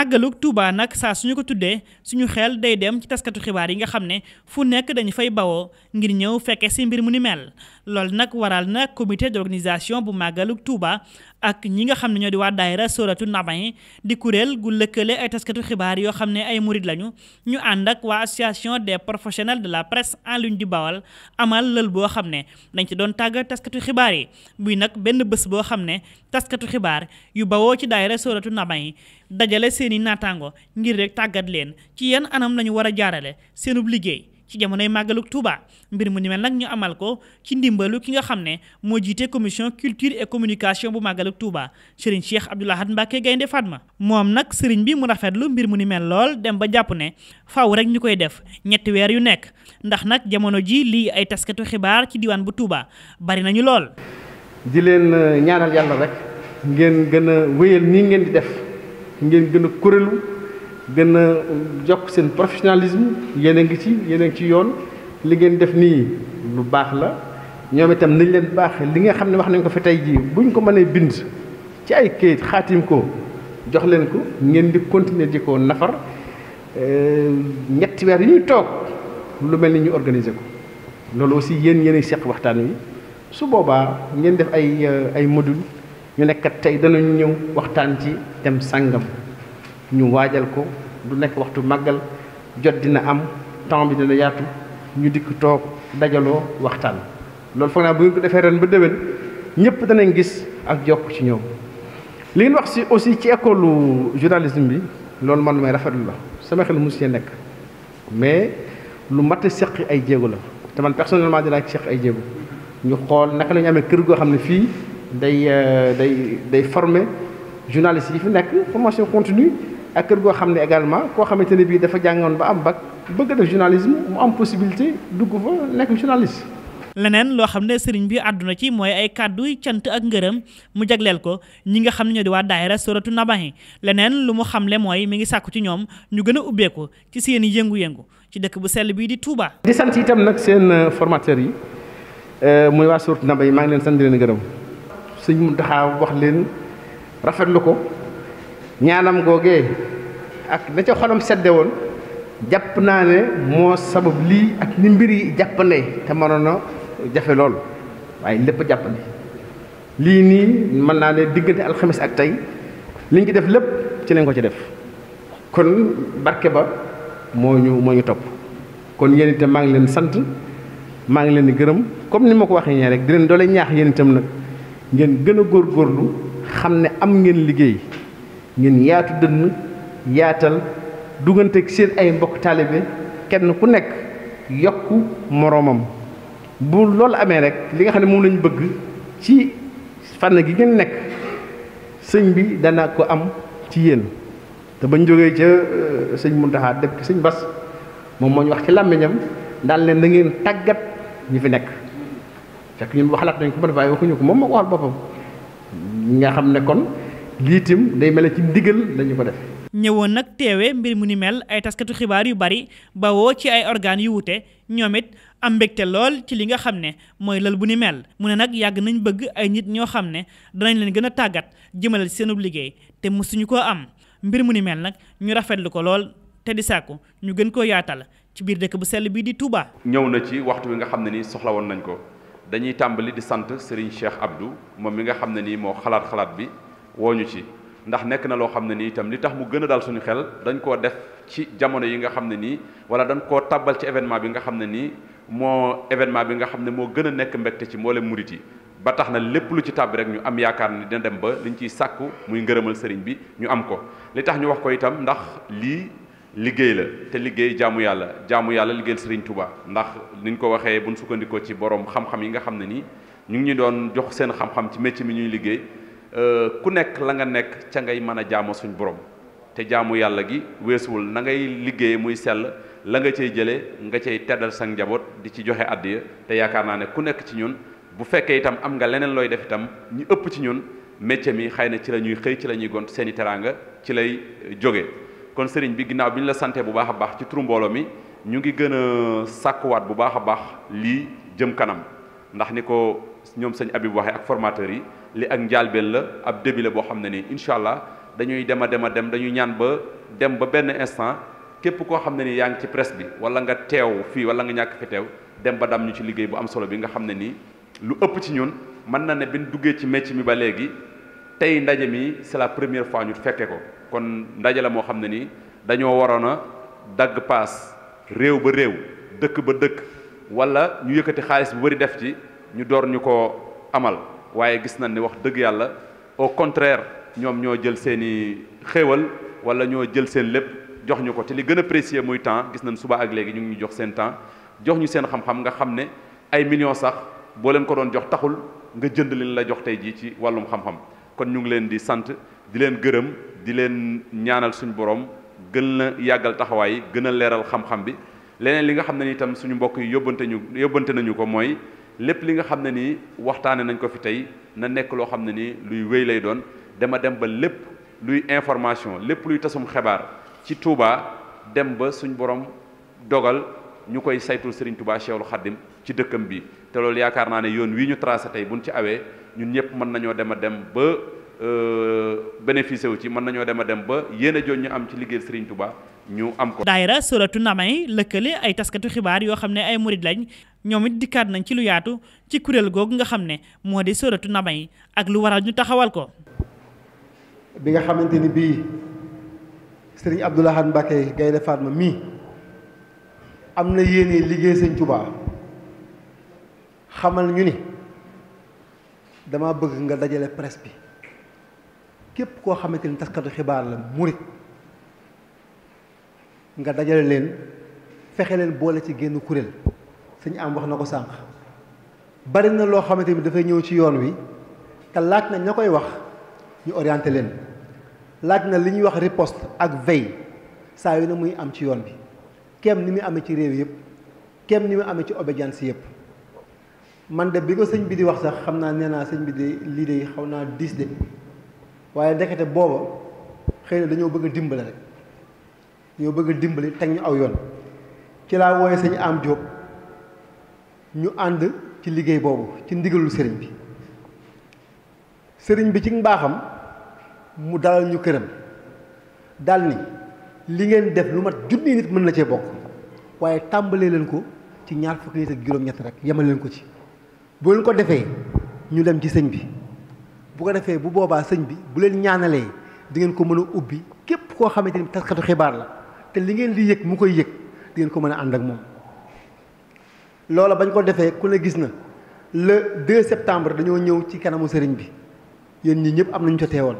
màggalug Touba nag saa suñu ko tuddee suñu xel day dem ci taskatu xibaar yi nga xam ne fu nekk dañu fay bawoo ngir ñëw fekke si mbir mu ni mel lool nag waral na comité d'organisation bu màggalug Touba ak ñi nga xam ne ñoo di waa daayira Sooratu Nabahin di kuréel gu lëkkale ay taskatu xibaar yoo xam ne ay murid lañu ñu ànd ak waa association des professionnels de la presse en ligne di Bawal amal lël boo xam ne dañ ci doon tàggat taskatu xibaar yi buy xam ne taskatu xibaar yu bawoo ci daayira Sooratu Namay dajale seeni naataango ngir rek tàggat leen ci yenn anam lañu war a jaarale seenub liggéey ci jamonoy màggaluk Touba mbir mu ni mel nag ñu amal ko ci ndimbalu ki nga xam ne moo jiite commission culture et communication bu màggaluk Touba Serigne Cheikh Abdou Lahad gaynde Gaynde ma moom nag Serigne bi mu rafetlu mbir mu ni mel lool dem ba jàpp ne faw rek ñu koy def ñetti weer yu nekk ndax nag jamono ji lii ay taskatu xibaar ci diwaan bu Touba bari nañu lool. di leen euh, ñaanal yàlla rek ngeen gën a wéyal nii ngeen di def ngeen gën a kurélu gën a seen professionnalisme yéen a ngi ci yéen a ci yoon li ngeen def nii lu baax la ñoom itam nañ leen baax li nga xam ne wax nañ ko fi tey jii buñ ko mënee bind ci ay kayit xaatim ko jox leen ko ngeen di continuer di ko nafar euh, ñetti weer yi ñuy toog lu mel ni ñu organiser ko loolu aussi yéen yéen a waxtaan wi su boobaa ngeen def ay euh, ay module ñu nekkat tey danañu ñëw waxtaan ci dem sàngam ñu waajal ko du nekk waxtu màggal jot dina am temps bi dina yaatu ñu dikk toog dajaloo waxtaan loolu foog naa bu ngeen defee ren ba déwén ñëpp danañ gis ak jokk ci ñoom li ngeen wax si aussi ci école journalisme bi loolu man may rafetlu la sama xel mu si nekk mais lu mat a seq ay jéego la te man personnellement dinaa seq ay jéego ñu xool naka la ñu amee kër goo xam ne fii day euh, day day former journaliste yi fi nekk formation continue ak kër goo xam ne également koo xamante ne bii dafa jàngoon ba am bac bëgg def journalisme mu am possibilité dugg fa nekk journaliste. leneen loo xam ne sëriñ bi àdduna ci mooy ay kàddu cant ak ngërëm mu jagleel ko ñi nga xam ne ñoo di waa daayira Suratu Nabahi leneen lu mu xam ne mooy mu ngi sàkku ci ñoom ñu gën a ubbeeku ci seen yëngu-yëngu ci dëkk bu sell bii di Touba. di sant itam nag seen euh, formateur yi. Euh, muy waa Sourate Naba yi maa ngi leen sant leen gërëm sëñ daxa wax leen rafetlu ko ñaanam googee ak na ca xolam sedde woon jàpp naa ne moo sabab lii ak ni mbir yi te mënoon na jafe lool waaye lépp jàppande lii nii mën naa ne diggante alxames ak tey liñ ci def lépp ci lañ ko ci def kon barke ba moo ñu moo ñu topp kon yéen itam maa ngi leen sant maa ngi leen di gërëm comme ni ma ko waxee ñee rek di leen doole ñaax yéen itam nag ngeen gën góor góorgóorlu xam ne am ngeen liggéey ngeen yaatu dënn yaatal duggante ak seen ay mbokk taalibe kenn ku nekk yokk moroomam bu loolu amee rek li nga xam ne moom lañu bëgg ci fànn gi ngeen nekk sëñ bi dana ko am ci yéen te bañ jógee ca euh, sëñ Muntaxa def ci sëñ Bas moom moo wax ci làmmiñam daal leen da ngeen tàggat ñi fi nekk fekk ñun waxalaat nañ ko ba waaye waxuñu ko moom moo ko waxal boppam nga xam ne kon lii tim day mel ci ndigal lañu ko def. ñëwoon nag teewe mbir mu ni mel ay taskatu xibaar yu bari bawoo ci ay organes yu wute ñoomit it am mbégte lool ci li nga xam ne mooy lal bu ni mel mu ne nag yàgg nañ bëgg ay nit ñoo xam ne danañ leen gën a tàggat jëmale ci seenub liggéey te mësuñu koo am mbir mu ni mel nag ñu rafetlu ko lool te di sàkku ñu ci biir dëkk bu sell bii di Touba. ñëw na ci waxtu wi nga xam ne nii soxla woon nañ ko dañuy tàmbali di sant Serigne Cheikh Abdou moom mi nga xam ne nii moo xalaat xalaat bi woo ñu ci ndax nekk na loo xam ne nii itam li tax mu gën a dal suñu xel dañ koo def ci jamono yi nga xam ne nii wala dañ koo tabbal ci événement bi nga xam ne nii moo événement bi nga xam ne moo gën a nekk mbégte ci mboolem murit yi ba tax na lépp lu ci tàbbi rek ñu am yaakaar ni dina dem ba liñ ciy sàkku muy ngërëmal sëriñ bi ñu am ko liggéey la te liggéey jaamu yàlla jaamu yàlla liggéeyal Serigne Touba ndax niñ ko waxee buñ sukkandikoo ci borom xam-xam yi nga xam ne nii ñu ngi ñu doon jox seen xam-xam ci métier mi ñuy liggéey euh, ku nekk la nga nekk ca ngay mën a jaamoo suñ borom te jaamu yàlla gi weesuwul na ngay liggéey muy sell la nga cay jëlee nga cay teddal sa njaboot di ci joxe addiya te yaakaar naa ne ku nekk ci ñun bu fekkee itam am nga leneen looy def itam ñu ëpp ci ñun métier mi xëy na ci la xëy ci la ñuy gont seen teraanga ci lay euh, jóge kon sëriñ bi ginnaaw bi ñu la sante bu baax a baax ci turu mbooloo mi ñu ngi gën a sàkkuwaat bu baax a baax lii jëm kanam ndax ni ko ñoom sëñ Habib waxee ak formateur yi li ak njaalbeen la ab début boo xam ne nii incha allah dañuy dem a dem a dem dañuy ñaan ba dem ba benn instant képp koo xam ne ni yaa ngi ci presse bi wala nga teew fii wala nga ñàkk fi teew dem ba dam ñu ci liggéey bu am solo bi nga xam ne nii lu ëpp ci ñun mën na ne bin duggee ci métier mi ba léegi tey ndaje mi c'est la première fois ñu fekkee ko kon ndaje la moo xam ne nii dañoo waroon a dagg paas réew ba réew dëkk ba dëkk walla ñu yëkkati xaalis bu bëri def ci ñu door ñu ko amal waaye gis nañ ni wax dëgg yàlla au contraire ñoom ñoo jël seeni i xéewal wala ñoo jël seen lépp jox ñu ko te li gën a précieux muy temps gis nañ suba ak léegi ñu ngi ñu jox seen temps jox ñu seen xam-xam nga xam ne ay millions sax boo leen ko doon jox taxul nga jënd leen la jox tey jii ci wàllum xam-xam kon ñu ngi gërëm di leen ñaanal suñu borom gën la yàggal taxawaay gën a leeral xam-xam bi leneen li nga xam ne ni itam suñu mbokk yi yóbbante yóbbante nañu ko mooy lépp li nga xam ne nii waxtaane nañ ko fi tey na nekk loo xam ne nii luy wéy lay doon dama dem ba lépp luy information lépp luy tasum xibaar ci Touba dem ba suñu borom dogal ñu koy saytul Serigne Touba Cheikhul xaddim ci dëkkam bi te loolu yaakaar naa ne yoon wii ñu tracé tey buñ ci awee ñun ñëpp mën nañoo dem a dem ba. Euh, bénéficié wu ci mën nañoo dem a dem ba yéen a joon ñu am ci liggéey Serigne Touba ñu am ko. daayira Suratu Namay lëkkale ay taskatu xibaar yoo xam ne ay murid lañ ñoom it dikkaat nañ ci lu yaatu ci kuréel googu nga xam ne moo di Suratu Namay ak lu waral ñu taxawal ko. bi nga xamante ni bii Serigne Abdoul Ahad Mbacké Gaïndé Fatma mii am na yéene liggéey Serigne Touba xamal ñu ni dama bëgg nga dajale presse bi. képp koo xamante ni taskatu xibaar la murit nga dajale leen fexe leen boole ci génn kuréel suñu am wax na ko sànq bari na loo xamante ni dafay ñëw ci yoon wi te laaj na ña koy wax ñu orienté leen laaj na li ñuy wax riposte ak veille saa yu ne muy am ci yoon bi kem ni muy amee ci réew yëpp kem ni muy amee ci obédience yëpp man de bi ko sëñ bi di wax sax xam naa nee naa sëñ bi de lii de xaw naa diis de waaye ndekete booba xëy na dañoo bëgg a dimbale rek ñoo bëgg a dimbali teg ñu aw yoon ci laa wooye sëñ am Jóob ñu ànd ci liggéey boobu ci ndigalul sëriñ bi sëriñ bi ci mbaaxam mu dalal ñu këram dal ni li ngeen def lu mat junni nit mën na cee bokk waaye tàmbalee leen ko ci ñaar fukki nit ak juróom-ñett rek yemal leen ko ci boo leen ko defee ñu dem ci sëñ bi bu ko defee bu boobaa sëñ bi bu leen ñaanalee di ngeen ko mën a ubbi képp koo xamante ni taskatu xibaar la te li ngeen di yég mu koy yég di ngeen ko mën a ànd ak moom. loola bañ ko defee ku ne gis na la 2 septembre dañoo ñëw ci kanamu sëriñ bi yéen ñii ñëpp am nañu ca woon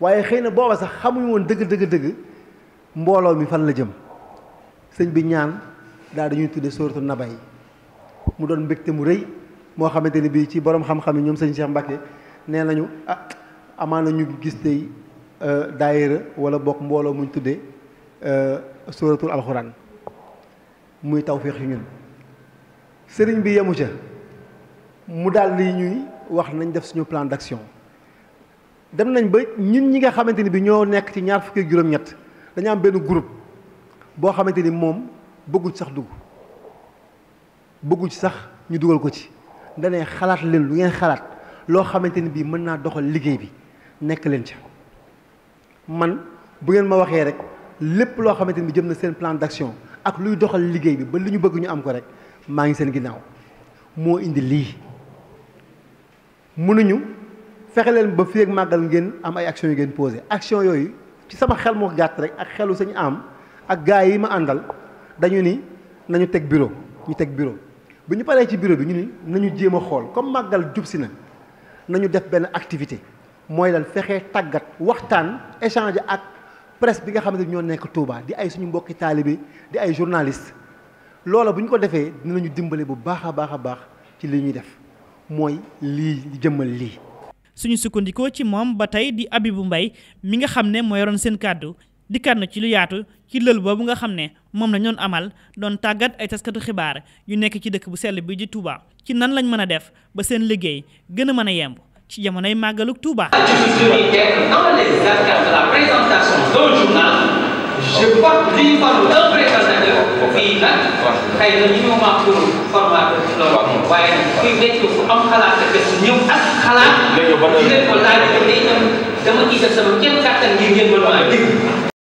waaye xëy na booba sax xamuñu woon dëgg dëgg mbooloo mi fan la jëm sëñ bi ñaan daal dañuy tudde sóoratu naba yi mu doon mbégte mu rëy moo xamante ni bii ci boroom xam-xam yi ñoom sëñ Cheikh Mbacke. nee nañu ah amaana ñu gis tey euh, daayira wala bokk mbooloo muñ tuddee euh, suratul alxuraan muy tawféex yu ñun sëriñ bi yemu ca mu daal li ñuy wax nañ def suñu plan d'action dem nañ ba ñun ñi nga xamante ni bi ñoo nekk ci ñaar fukki juróom-ñett dañu am benn groupe boo xamante ni moom bëggu sax dugg bëggu ci sax ñu dugal ko ci danee xalaat leen lu ngeen xalaat loo xamante ni bii mën naa doxal liggéey bi nekk leen ca man bu ngeen ma waxee rek lépp loo xamante ni bi jëm na seen plan d'action ak luy doxal liggéey bi ba li ñu bëgg ñu am ko rek maa ngi seen ginnaaw moo indi lii mënuñu fexe leen ba fii ak màggal ngeen am ay action yu ngeen posé action yooyu ci sama xel moo gàtt rek ak xelu sañu am ak gars yi ma àndal dañu ni nañu teg bureau ñu teg bureau bu ñu paree ci bureau bi ñu ni nañu jéem a xool comme màggal jub si na nañu def benn activité mooy lan fexe tàggat waxtaan échanger ak presque bi nga xam xamante ñoo nekk Touba di ay suñu mbokki taalibe di ay journaliste loola bu ñu ko defee dinañu dimbale bu baax a baax a baax ci li ñuy def mooy lii jëmmal lii. suñu sukkandikoo ci moom ba tey di Abibou Mbaye mi nga xam ne moo yoroon seen kàddu dikkaat na ci lu yaatu ci lël boobu nga xam ne moom la ñoon amal doon tàggat ay taskatu xibaar yu nekk ci dëkk bu sell bi di Touba. ci nan lañ mën a def ba seen liggéey gën a mën a yemb ci jamonoy màggaluk Touba. je porte l'uniforme d'un présentateur fii loolu waaye kuy béykat bu am xalaat la ñëw ak xalaat di leen ko laaj itam dama gisal sama kenn kàttan ngir ngeen mën a